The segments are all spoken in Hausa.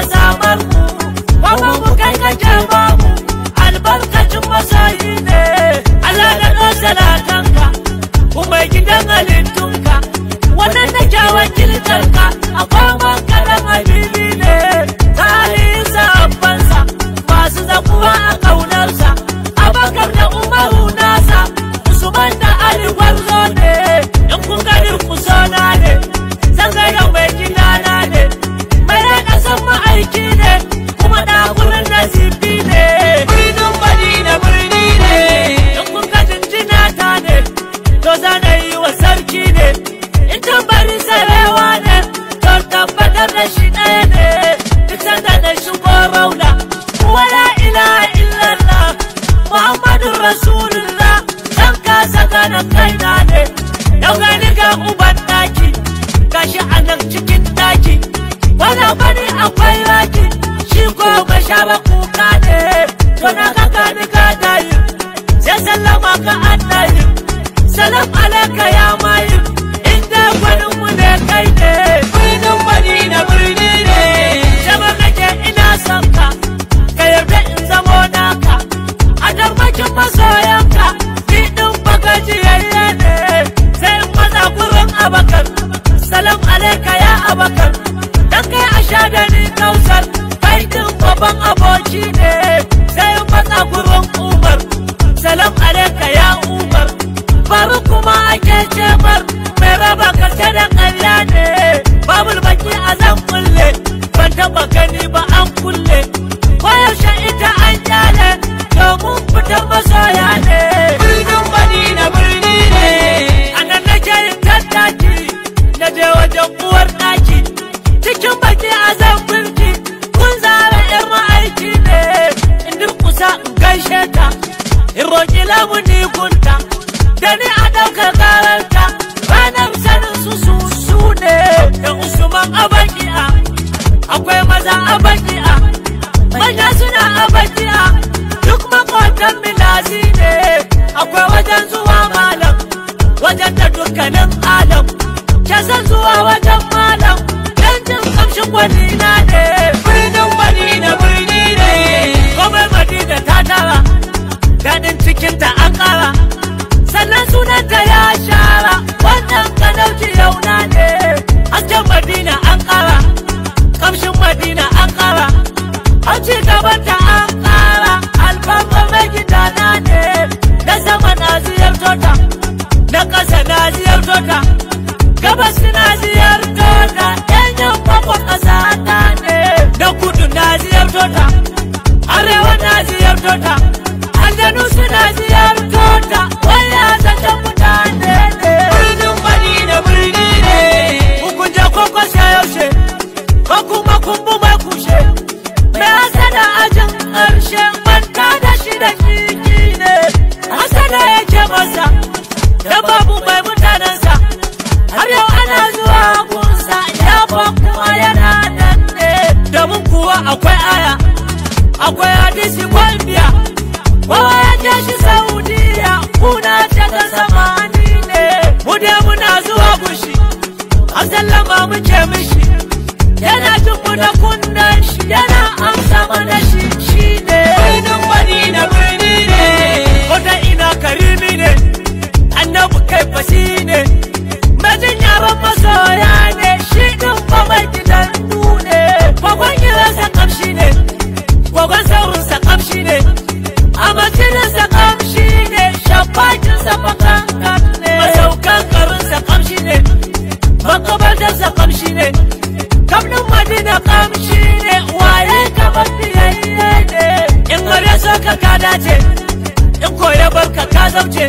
azabar ku ga uban daki gashi a nan cikin daki wani bane akwai salam alaika ya abakar dan kai a sha da ni kausar kai din baban abu love soka gabas na ziyarto ta yan yamma ko ƙasa ta ne da kudu na ziyarto ta arewa na ziyarto ta aljanu suna ziyarto ta waya zancen mutane ne birnin madina birni ne kun je kwakwasa yaushe ko kuma kun bu mai kushe mai asada ajin ƙarshen dace in koya barka ka zauce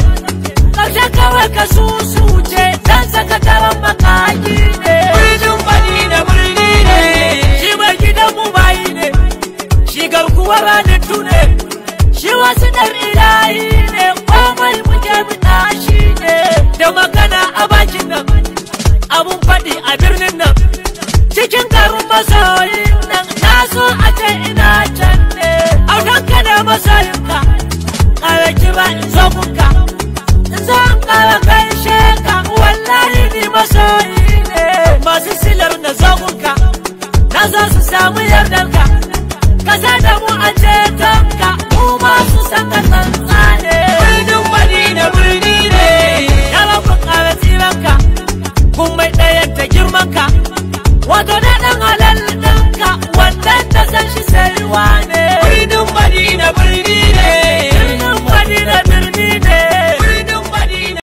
ƙarshen kawai ka su su wuce dan sakataren makaki ne birnin bani da birni ne shi mai gidan mu bayi ne shi garkuwar ranar tune shi wasu da ilayi ne komai muke bita shi ne da magana a bakin nan abun faɗi a birnin nan cikin garin masoyi vashayuka avechiva zvokuka